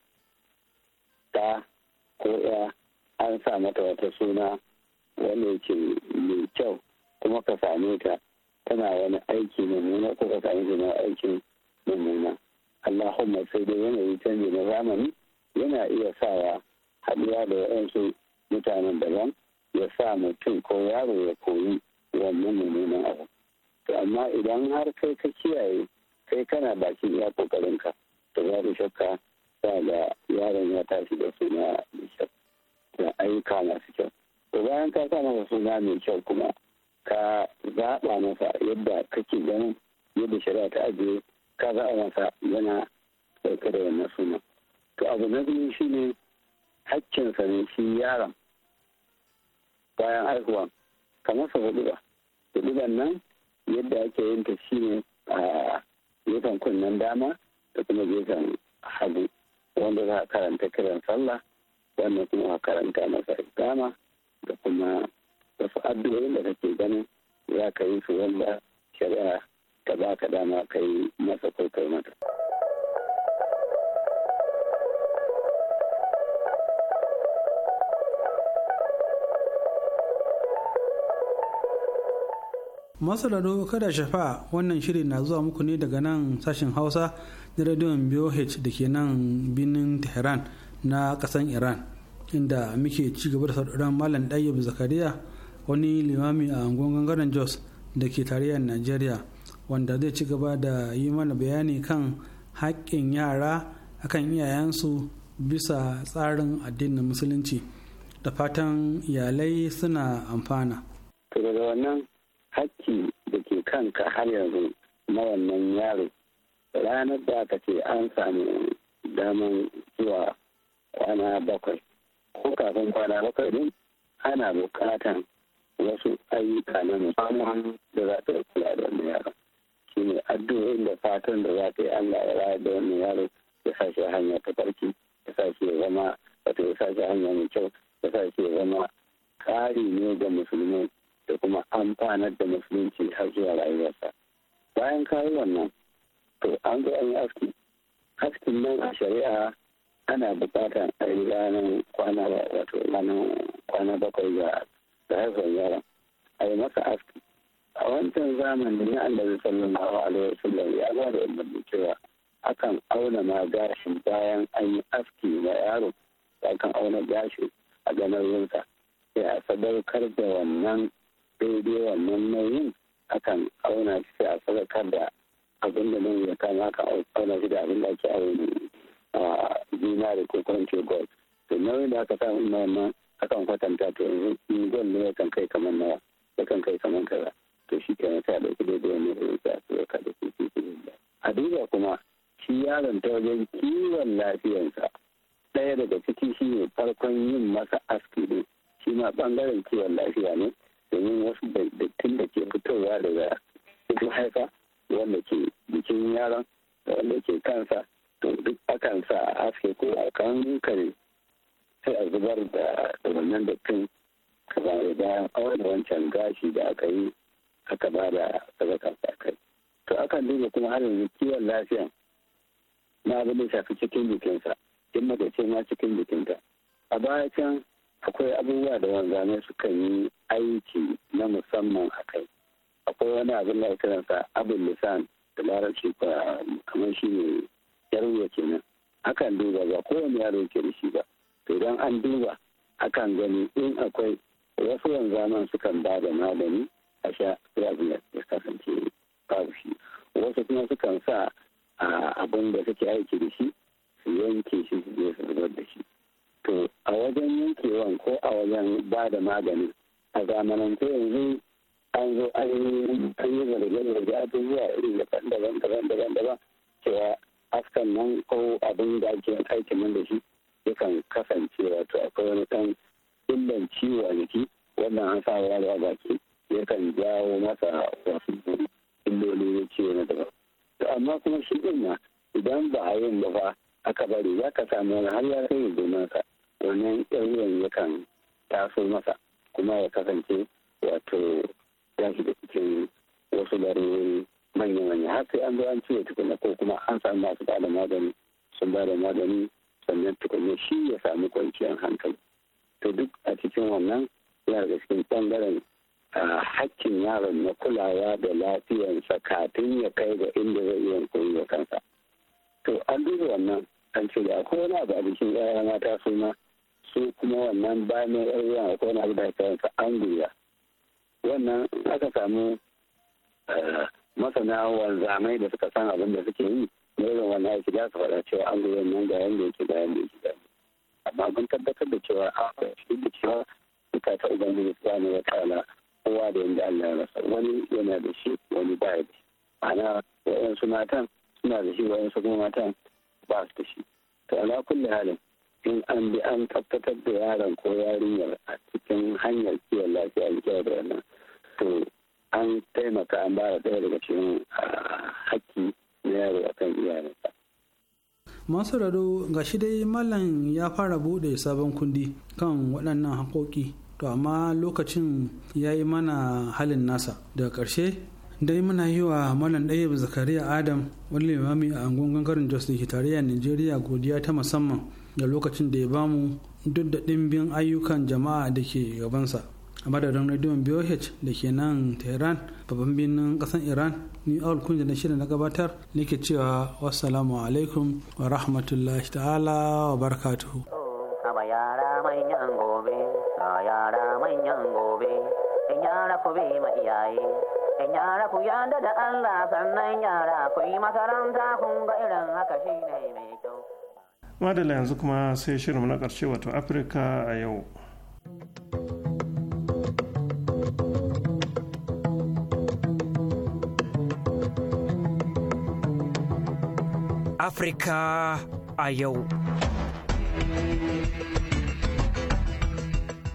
S12: ta ko ya an sa mata wata suna wanda yake mai kyau kuma ka same ta tana wani aiki mummuna ko ka same ta aikin mummuna allahumma sai dai yanayi canji na zamani yana iya sawa haɗuwa da waɗansu mutanen daban ya sa mutum ko yaro ya koyi wannan mummunan abu to amma idan har kai ka kiyaye kai kana bakin iya kokarinka to babu shakka sa ga yaron ya tashi da suna da kyau da ayyuka masu kyau to bayan ka sa masa suna mai kyau kuma ka zaɓa masa yadda kake ganin yadda shari'a ta ajiye ka zaɓa masa yana ɗauke da wannan suna to abu na biyu shine sa ne shi yaron bayan haihuwa ka masa huɗuba huɗuban nan yadda ake yin ta shine a gefen kunnen dama da kuma gefen hagu wanda za a karanta kiran sallah wannan kuma a karanta masa dama da kuma wasu addu'o'in da kake ganin ya kai su wanda shari'a ta ba ka dama ka yi masa kwaikwayo mata.
S4: masararo kada shafa wannan shiri na zuwa muku ne daga nan sashen hausa na radiyon BOH da ke nan binin tehran na kasan iran inda muke ci gaba da sauraron malam ɗayyab zakariya wani limami a angon garin jos da ke tarayyar najeriya wanda zai ci gaba da yi mana bayani kan haƙƙin yara akan iyayensu bisa tsarin addinin musulunci da fatan iyalai suna amfana.
S12: to daga wannan haƙƙi da ke kanka har yanzu na wannan yaro ranar da aka ce an sami daman zuwa kwana bakwai ko kafin kwana bakwai din ana bukatan wasu ayyuka na musamman da za ta kula da wannan yaron shi ne addu'o'in da fatan da za ta yi allah ya raya da wannan yaro ya sa shi hanya ta farki ya sa shi ya zama wato ya sa shi hanya mai kyau ya sa shi ya zama kari ne ga musulmi da kuma amfanar da musulunci har zuwa rayuwarsa bayan kayi wannan to an zo an yi aski askin nan a shari'a ana bukatar a yi ranar kwana wato ranar kwana bakwai ga da haifar yara a yi masa aski a wancan zamani na annabi sallallahu alaihi wasallam ya ba da umarni cewa akan auna ma gashin bayan an yi aski na yaro akan auna gashi a ganarinsa sai a sadaukar da wannan daidai wannan nauyin akan auna shi sai a sadaukar da abin da nan ya kama aka auna shi da abin da ake auna ah, zinari ko kwanci gold to nauyin da aka samu na wannan akan kwatanta to in gwan ne yakan kai kamar nawa yakan kai kamar kaza to shi kenan sai a ɗauki daidai wani da sai a ka da su a duba kuma shi yaron ta wajen kiwon lafiyansa. ɗaya daga ciki shi ne farkon yin masa aski ne shi ma ɓangaren kiwon lafiya ne domin wasu dattin da ke fitowa daga cikin haifa wanda ke jikin yaron wanda ke kansa to duk akan sa a aske ko a kan kare sai a zubar da da tun kamar bayan aure wancan gashi da aka yi aka ba da sadaka a kai to akan duba kuma har yanzu kiwon lafiya na abin da shafi cikin jikinsa in mace ce ma cikin jikinta a baya can akwai abubuwa da wanzamai sukan yi aiki na musamman a kai akwai wani abin da abun rasa abin lisan da larabci kamar shi ne yarwa kenan akan duba ba kowane yaro ke da shi ba idan an duba akan gani in akwai wasu wanzaman sukan ba da magani a sha ya kasance babu shi wasu kuma sukan sa abin da suke aiki da shi su yanke shi su je su zubar da shi to a wajen yankewan ko a wajen ba da magani a zamanin zamanance yanzu an zo an yi zarge-zarge abubuwa irin daban-daban daban-daban cewa askan nan ko abin da ake aikin da shi yakan kasance wato akwai wani kan illan ciwo a jiki wannan an sa yaro a baki yakan jawo masa wasu illoli na ciwo na daban to amma kuma shi din na idan ba a yin ba aka bari za ka samu wani har ya kai ka wannan ɗaurin yakan taso masa kuma ya kasance wato ya shiga cikin wasu larurori manya-manya har sai an zo an ciye tukuna ko kuma an samu masu bada magani sun ba da magani sannan tukunna shi ya sami kwanciyar hankali to duk a cikin wannan yana da cikin bangaren hakkin yaron na kulawa da lafiyarsa kafin ya kai ga inda zai iya koyi da kansa to an duba wannan an ce da akwai wani abu a cikin yaya mata su ma su kuma wannan bayan yar yawan akwai wani abu da kansa an duba wannan aka samu masana wanzamai da suka san abin da suke yi irin wani aiki za ka faɗa cewa an goyon nan ga yanda yake ga yanda yake ga amma mun tabbatar da cewa a shi da cewa suka ta ubangiji subhanahu ya kala kowa da yanda Allah ya rasa wani yana da shi wani ba ya da shi ma'ana wa'yansu matan suna da shi wa'yansu kuma matan ba su da shi to ala kulli halin in an bi an tabbatar da yaron ko yarinyar a
S4: masu ga shi dai mallam ya fara bude sabon kundi kan waɗannan haƙoƙi to amma lokacin ya yi mana halin nasa daga karshe dai muna yi wa mallam ɗaya zakariya adam wani limami a angon gangaren jos da ke tarayyar nigeria godiya ta musamman ga lokacin da ya bamu duk da ɗimbin ayyukan jama'a da ke gabansa a madadin rediyon boh da ke nan tehran babban birnin kasan iran ni awul kunja na shirin na gabatar nake cewa wassalamu alaikum wa rahmatullahi ta'ala wa barakatuhu ma
S1: iyaye da yanzu kuma sai shirin na ƙarshe wato afirka a yau
S3: Afirka a yau.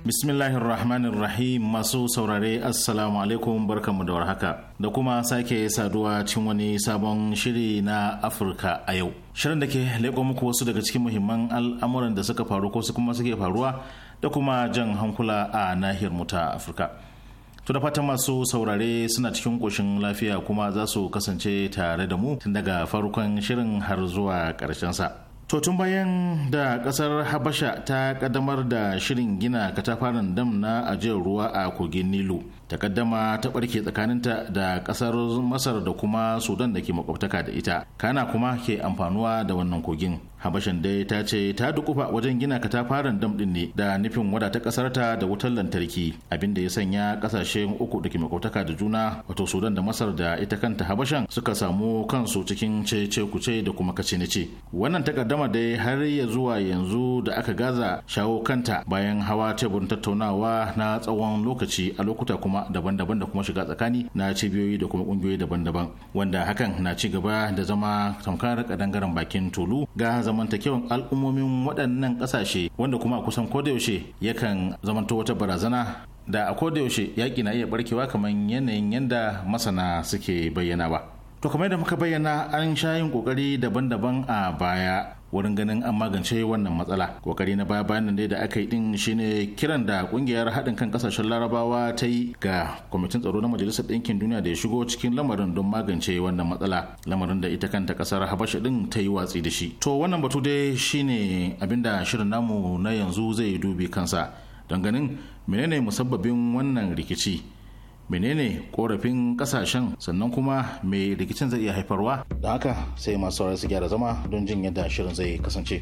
S3: Bismillahirrahmanirrahim masu saurare Assalamu alaikum barkanmu da warhaka da kuma sake saduwa cikin wani sabon shiri na Afirka a yau. Shirin da ke leƙo muku wasu daga cikin muhimman al'amuran da suka faru ko su kuma suke faruwa da kuma jan hankula a nahiyar mu ta Afirka. To fatan masu saurare suna cikin ƙoshin lafiya kuma za su kasance tare da mu tun daga farkon shirin har zuwa ƙarshen sa. To tun bayan da ƙasar Habasha ta ƙaddamar da shirin gina katafaren dam na ajiyar ruwa a kogin Nilu, ƙaddama ta ɓarke tsakaninta da ƙasar Masar da kuma Sudan da ke makwabtaka da ita, kana kuma ke amfanuwa da wannan kogin. habashin dai ta ce ta dukufa wajen gina katafaren dam din ne da nufin wadata kasar ta da wutar lantarki abinda ya sanya kasashen uku da ke da juna wato sudan da masar da ita kanta habashan suka samu kansu cikin cece kuce da kuma kace na ce wannan takaddama dai har ya zuwa yanzu da aka gaza shawo kanta bayan hawa teburin tattaunawa na tsawon lokaci a lokuta kuma daban-daban da kuma shiga tsakani na cibiyoyi da kuma kungiyoyi daban-daban wanda hakan na ci gaba da zama tamkar kadangaren bakin tulu ga zamantakewan al'ummomin waɗannan ƙasashe wanda kuma a kusan kodayaushe yakan zamanto wata barazana da a kodayaushe yaƙi na iya barkewa kamar yanayin yadda masana suke bayyana ba. To kamar da muka bayyana an sha yin ƙoƙari daban-daban a baya wurin ganin an magance wannan matsala kokari na baya bayan da aka yi din shine kiran da kungiyar haɗin kan kasashen larabawa ta yi ga kwamitin tsaro na majalisar ɗinkin duniya da ya shigo cikin lamarin don magance wannan matsala lamarin da ita kanta kasar habasha din ta yi watsi da shi to wannan batu dai shine abinda shirin namu na yanzu zai dubi kansa don ganin menene musabbabin wannan rikici menene korafin kasashen sannan kuma mai rikicin zai iya haifarwa da haka sai masu saurari su gyara zama don jin yadda shirin zai kasance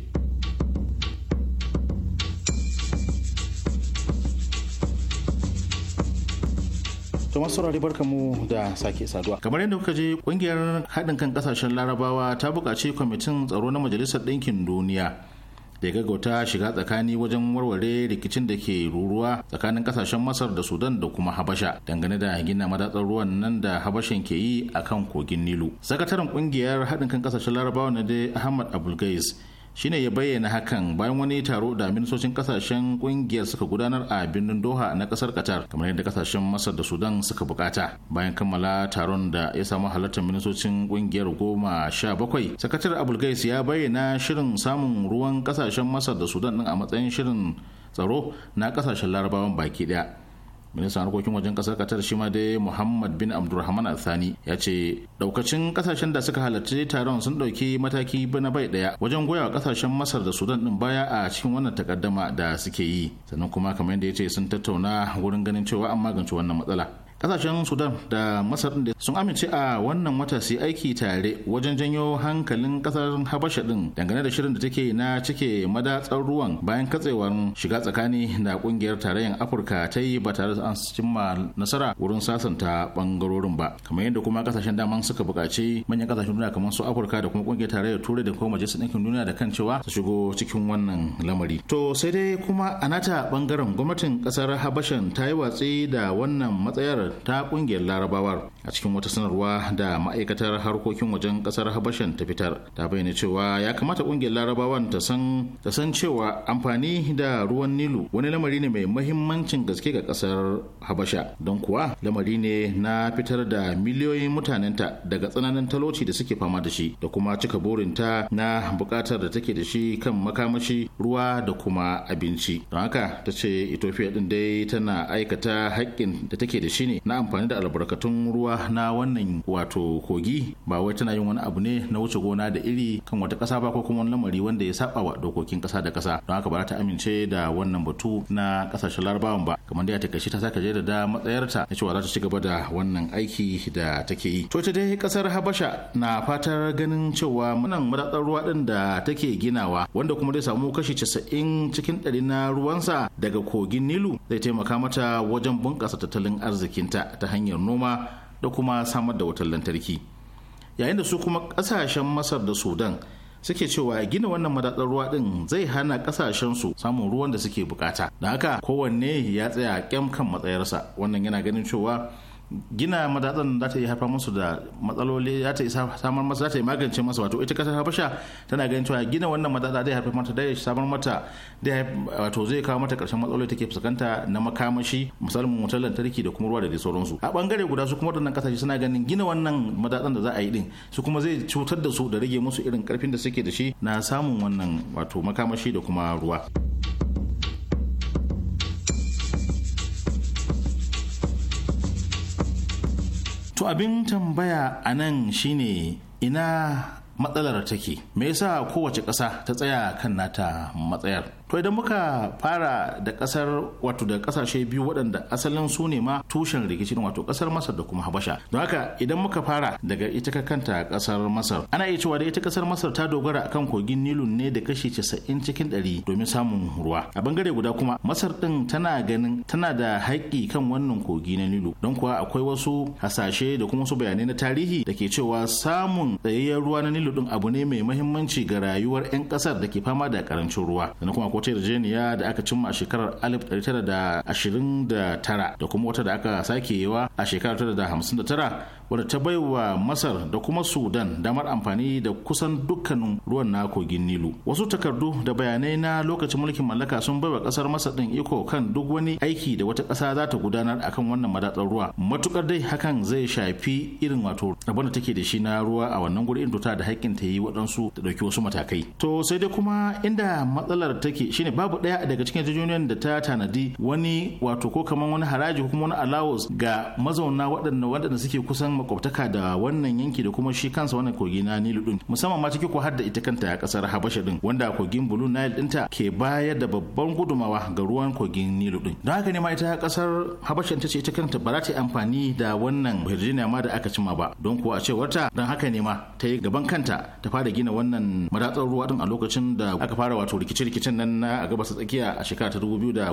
S3: kamar saurari barka mu da sake saduwa. Kamar yadda kuka je kungiyar haɗin kan ƙasashen larabawa ta buƙaci kwamitin tsaro na Majalisar Ɗinkin Duniya da ya gaggauta shiga tsakani wajen warware rikicin da ke ruruwa tsakanin kasashen masar da sudan da kuma habasha dangane da gina madatsar ruwan nan da habashan ke yi a kan kogin nilu sakataren kungiyar haɗin kan kasashen larabawa na dai ahmad abulgais shine ya bayyana hakan bayan wani taro da ministocin kasashen kungiyar suka gudanar a birnin doha na kasar qatar kamar yadda kasashen masar da sudan suka bukata bayan kammala taron da ya samu halartar ministocin kungiyar goma sha bakwai sakatar abulgais ya bayyana shirin samun ruwan kasashen masar da sudan din a matsayin shirin tsaro na kasashen larabawan baki daya ministan harkokin wajen kasar qatar shi ma dai muhammad bin abdulrahman althani ya ce daukacin kasashen da suka halarci taron sun dauki mataki na bai daya wajen goya wa kasashen masar da sudan din baya a cikin wannan takaddama da suke yi sannan kuma kamar yadda ya ce sun tattauna wurin ganin cewa an magance wannan matsala kasashen sudan da masar da sun amince a wannan wata su aiki tare wajen janyo hankalin kasar habasha din dangane da shirin da take na cike madatsar ruwan bayan katsewar shiga tsakani da kungiyar tarayyar afirka ta yi ba tare da an cimma nasara wurin sasanta bangarorin ba kamar yadda kuma kasashen daman suka buƙaci manyan kasashen duniya kamar su afirka da kuma kungiyar tarayyar turai da kuma majalisar ɗinkin duniya da kan cewa su shigo cikin wannan lamari to sai dai kuma a nata bangaren gwamnatin kasar habashan ta yi watsi da wannan matsayar ta kungiyar larabawar a cikin wata sanarwa da ma'aikatar harkokin wajen kasar habashan ta fitar ta bayyana cewa ya kamata kungiyar larabawan ta san cewa amfani da ruwan nilu wani lamari ne mai mahimmancin gaske ga kasar habasha don kuwa lamari ne na fitar da miliyoyin mutanenta daga tsananin talauci da suke fama da shi da kuma cika burinta na bukatar da take da shi kan makamashi ruwa da kuma abinci don haka ta ce ethiopia din dai tana aikata haƙƙin da take da shi ne na amfani da albarkatun ruwa ruwa na wannan wato kogi ba wai tana yin wani abu ne na wuce gona da iri kan wata ƙasa ba ko kuma wani lamari wanda ya saba wa dokokin ƙasa da kasa don haka ba ta amince da wannan batu na kasashen larabawan ba kamar da ya takaice ta saka da matsayarta na cewa za ta ci gaba da wannan aiki da take yi to ita dai kasar habasha na fatar ganin cewa munan madatsar ruwa din da take ginawa wanda kuma zai samu kashi casa'in cikin ɗari na ruwansa daga kogin nilu zai taimaka mata wajen bunƙasa tattalin arzikinta ta hanyar noma da kuma samar da wutar lantarki yayin da su kuma kasashen masar da sudan suke cewa gina wannan madatsar ruwa din zai hana kasashen su samun ruwan da suke bukata da haka kowanne ya tsaya kyam kan matsayarsa wannan yana ganin cewa gina madatsan za ta yi haifar musu da matsaloli za ta yi samar masu za ta yi magance masu wato ita kasar habasha tana ganin cewa gina wannan madatsa zai haifar mata da samar mata dai wato zai kawo mata karshen matsaloli take fuskanta na makamashi misalin wutar lantarki da kuma ruwa da dai sauransu a bangare guda su kuma wadannan kasashe suna ganin gina wannan madatsan da za a yi din su kuma zai cutar da su da rage musu irin karfin da suke da shi na samun wannan wato makamashi da kuma ruwa. to abin tambaya a nan shine ina matsalar take me yasa kowace ƙasa ta tsaya kan nata matsayar to idan muka fara da kasar wato da kasashe biyu waɗanda asalin su ne ma tushen rikicin wato kasar masar da kuma habasha don haka idan muka fara daga ita kanta kasar masar ana iya cewa da ita kasar masar ta dogara akan kogin nilu ne da kashi casa'in cikin ɗari domin samun ruwa a bangare guda kuma masar ɗin tana ganin tana da haƙƙi kan wannan kogi na nilu don kuwa akwai wasu hasashe da kuma wasu bayanai na tarihi da ke cewa samun tsayayyen ruwa na nilu ɗin abu ne mai mahimmanci ga rayuwar 'yan ƙasar da ke fama da karancin ruwa wata yarjejeniya da aka cimma a shekarar 1929 da kuma wata da aka sake sakewa a shekarar 1959 wadda ta baiwa masar da kuma sudan damar amfani da kusan dukkanin ruwan na kogin nilu wasu takardu da bayanai na lokacin mulkin mallaka sun baiwa kasar masar din iko kan duk wani aiki da wata kasa za ta gudanar akan wannan madatsar ruwa matukar dai hakan zai shafi irin wato rabon da take da shi na ruwa a wannan guri in ta da haƙƙin ta yi waɗansu da ɗauki wasu matakai to sai dai kuma inda matsalar take shine babu ɗaya daga cikin yarjejeniyar da ta tanadi wani wato ko kaman wani haraji ko kuma wani allowance ga mazauna waɗanda waɗanda suke kusan makwabtaka da wannan yanki da kuma shi kansa wannan kogi na Nilu din musamman ma take ko har da ita kanta kasar Habasha din wanda kogin Blue Nile ɗinta ke bayar da babban gudumawa ga ruwan kogin Nilu din don haka ne ma ita kasar Habasha ce ita kanta ba za ta yi amfani da wannan yarjejeniya ma da aka cima ba don kuwa a cewar ta don haka ne ma ta yi gaban kanta ta fara gina wannan madatsar ruwa din a lokacin da aka fara wato rikice-rikicen nan na gabas tsakiya a shekara ta 2011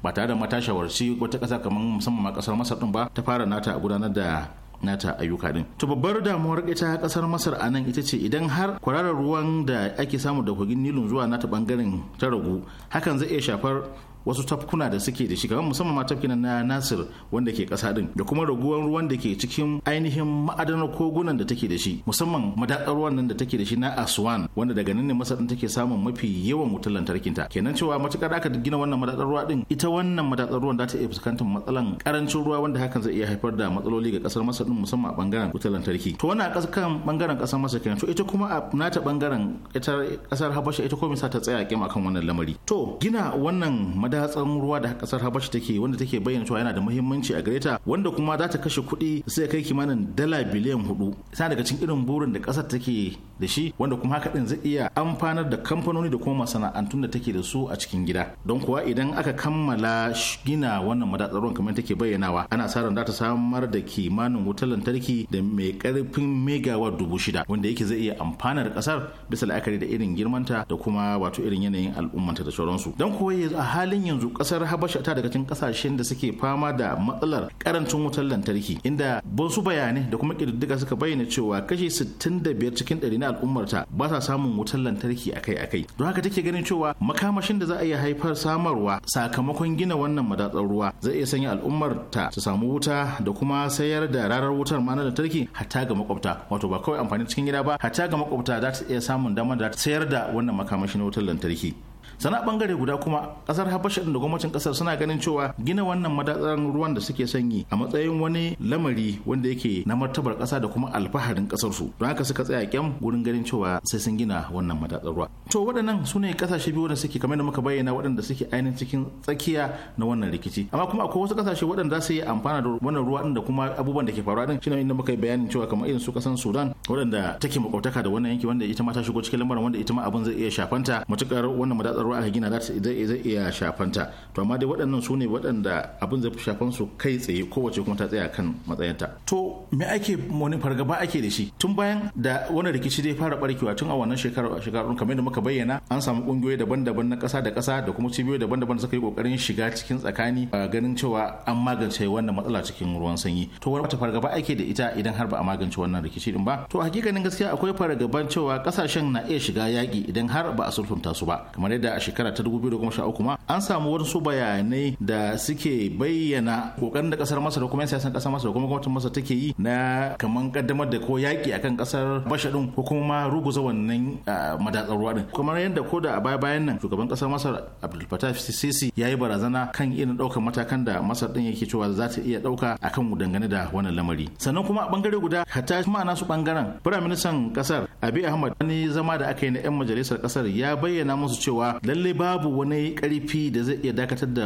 S3: ba tare da matashawarci wata kasa kamar musamman ma kasar Masar din ba ta fara nata a gudanar da nata ayyuka din. To babbar damuwar ita kasar Masar anan ita ce idan har kwararar ruwan da ake samu da kogin Nilun zuwa nata bangaren ta ragu hakan zai iya shafar wasu tafkuna da suke da shi kamar musamman ma tafkin na Nasir wanda ke kasa din da kuma raguwar ruwan da ke cikin ainihin ma'adanar kogunan da take da shi musamman madatsar ruwan nan da take da shi na Aswan wanda daga nan ne Masar din take samun mafi yawan wutar lantarkin ta kenan cewa matukar aka gina wannan madatsar ruwa din ita wannan madatsar ruwan za ta iya fuskantar matsalan karancin ruwa wanda hakan zai iya haifar da matsaloli ga kasar Masar din musamman a bangaren wutar lantarki to wannan kan bangaren kasar Masar kenan to ita kuma a nata bangaren ita kasar Habasha ita komai sa ta tsaya kima kan wannan lamari to gina wannan datsan ruwa da kasar Habasha take wanda take bayyana cewa yana da muhimmanci a gareta wanda kuma za ta kashe kuɗi sai kai kimanin dala biliyan hudu. Tana daga cikin irin burin da kasar take da shi wanda kuma haka din zai iya amfanar da kamfanoni da kuma masana'antun da take da su a cikin gida. Don kuwa idan aka kammala gina wannan madatsar ruwan kamar take bayyanawa ana sa ran za ta samar da kimanin wutar lantarki da mai karfin megawatt dubu shida wanda yake zai iya amfanar kasar bisa la'akari da irin girmanta da kuma wato irin yanayin al'ummanta da sauransu. Don kuwa a halin yanzu kasar habasha ta daga cikin kasashen da suke fama da matsalar karancin wutar lantarki inda basu bayanai da kuma kididdiga suka bayyana cewa kashi 65 cikin 100 na al'ummarta ba sa samun wutar lantarki akai-akai don haka take ganin cewa makamashin da za a iya haifar samarwa sakamakon gina wannan madatsar ruwa zai iya sanya al'ummarta su samu wuta da kuma sayar da rarar wutar ma na lantarki hatta ga makwabta wato ba kawai amfani cikin gida ba hatta ga makwabta za ta iya samun damar da sayar da wannan makamashin wutar lantarki sana bangare guda kuma kasar habasha da gwamnatin kasar suna ganin cewa gina wannan madatsaran ruwan da suke sanyi a matsayin wani lamari wanda yake na martabar kasa da kuma alfaharin kasar su don haka suka tsaya kyam gurin ganin cewa sai sun gina wannan madatsar ruwa to waɗannan su ne kasashe biyu wanda suke kamar da muka bayyana waɗanda suke ainihin cikin tsakiya na wannan rikici amma kuma akwai wasu kasashe waɗanda za su yi amfana da wannan ruwa din da kuma abubuwan da ke faruwa din shine inda muka yi bayanin cewa kamar irin su kasan Sudan waɗanda take makwabtaka da wannan yanki wanda ita ma ta shigo cikin lamarin wanda ita ma abin zai iya shafanta matukar wannan madatsar ruwa aka gina zai iya shafanta to amma dai waɗannan su ne waɗanda abin zai shafan su kai tsaye kowace kuma ta tsaya kan matsayinta to me ake wani fargaba ake da shi tun bayan da wani rikici dai fara barkewa tun a wannan shekarar shekarar kamar da muka bayyana an samu kungiyoyi daban-daban na ƙasa da ƙasa da kuma cibiyoyi daban-daban suka yi kokarin shiga cikin tsakani a ganin cewa an magance wannan matsala cikin ruwan sanyi to wata fargaba ake da ita idan har ba a magance wannan rikici din ba to hakikanin gaskiya akwai fargaban cewa kasashen na iya shiga yaƙi idan har ba a sulhunta su ba kamar yadda a shekara ta 2013 Kuma an samu wasu bayanai da suke bayyana kokarin da kasar Masar da kuma siyasan kasar Masar da kuma gwamnatin Masar take yi na kaman kaddamar da ko yaki akan kasar basha din ko kuma ruguza wannan madatsar ruwa din kamar yadda ko da a baya bayan nan shugaban kasar Masar Abdul Fattah Sisi ya yi barazana kan irin daukar matakan da Masar din yake cewa za ta iya dauka akan dangane da wannan lamari sannan kuma a bangare guda hatta ma su bangaren firaministan kasar Abi Ahmad wani zama da aka yi na 'yan majalisar kasar ya bayyana musu cewa lallai babu wani karfi da zai iya dakatar da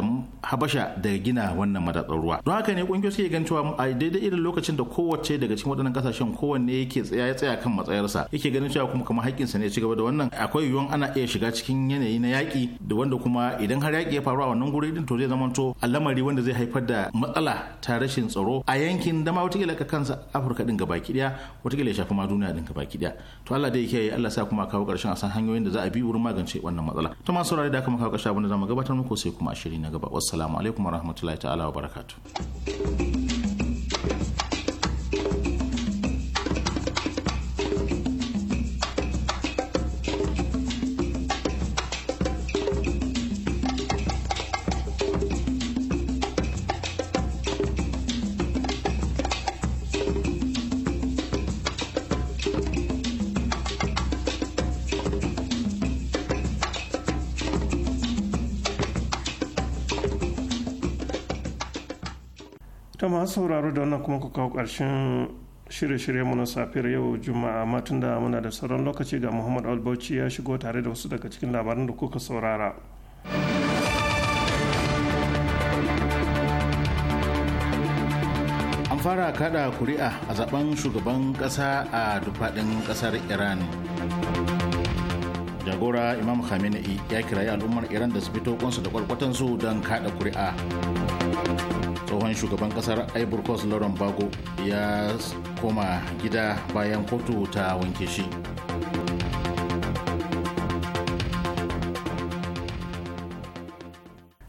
S3: habasha da gina wannan matatsar ruwa don haka ne kungiyoyi suke gan cewa a daidai irin lokacin da kowace daga cikin waɗannan kasashen kowanne yake tsaya ya tsaya kan matsayarsa yake ganin cewa kuma kamar haƙƙinsa ne ya ci gaba da wannan akwai yiwuwan ana iya shiga cikin yanayi na yaƙi da wanda kuma idan har yaƙi ya faru a wannan guri din to zai to al'amari wanda zai haifar da matsala ta rashin tsaro a yankin da ma wataƙila ka kansa afirka din gabaki daya wataƙila ya shafi ma duniya din gabaki daya to Allah dai yake Allah sa kuma kawo ƙarshen a san hanyoyin da za a bi wurin magance wannan matsala to masu da aka maka kasha abin da zamu gabatar muku sai kuma shiri na gaba wassalamu alaikum warahmatullahi ta'ala wa barakatuh
S1: ta masu sauraro da wannan kuma ku kawo ƙarshen shirye-shirye mu na safiyar yau juma'a amma tunda muna da sauran lokaci ga muhammad albauchi ya shigo tare da wasu daga cikin labaran da kuka saurara
S3: an fara kada kuri'a a zaben shugaban ƙasa a dufaɗin ƙasar iran jagora imam khamenei ya kirayi al'ummar iran da su fito kunsu da kwarkwatansu don kada kuri'a tsohon shugaban kasar ivory coast lauren bago ya koma gida bayan kotu ta wanke shi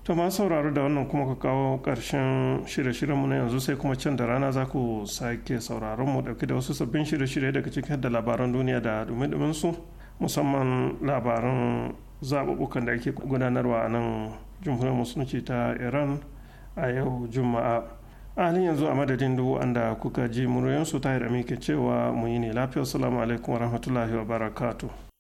S1: to masu sauraro da wannan kuma ka kawo ƙarshen shirye-shiryenmu na yanzu sai kuma can da rana za ku sake sauraron mu dauke da wasu sabbin shirye-shirye daga cikin da labaran duniya da dumi-duminsu su musamman labaran zaɓuɓɓukan da ake gudanarwa a nan jamhuriyar musulunci ta iran a yau juma'a a halin yanzu a madadin dubu da kuka ji muryoyinsu ta hira ke cewa mu yi ne lafiya salamu alaikum wa rahmatullahi wa barakatuh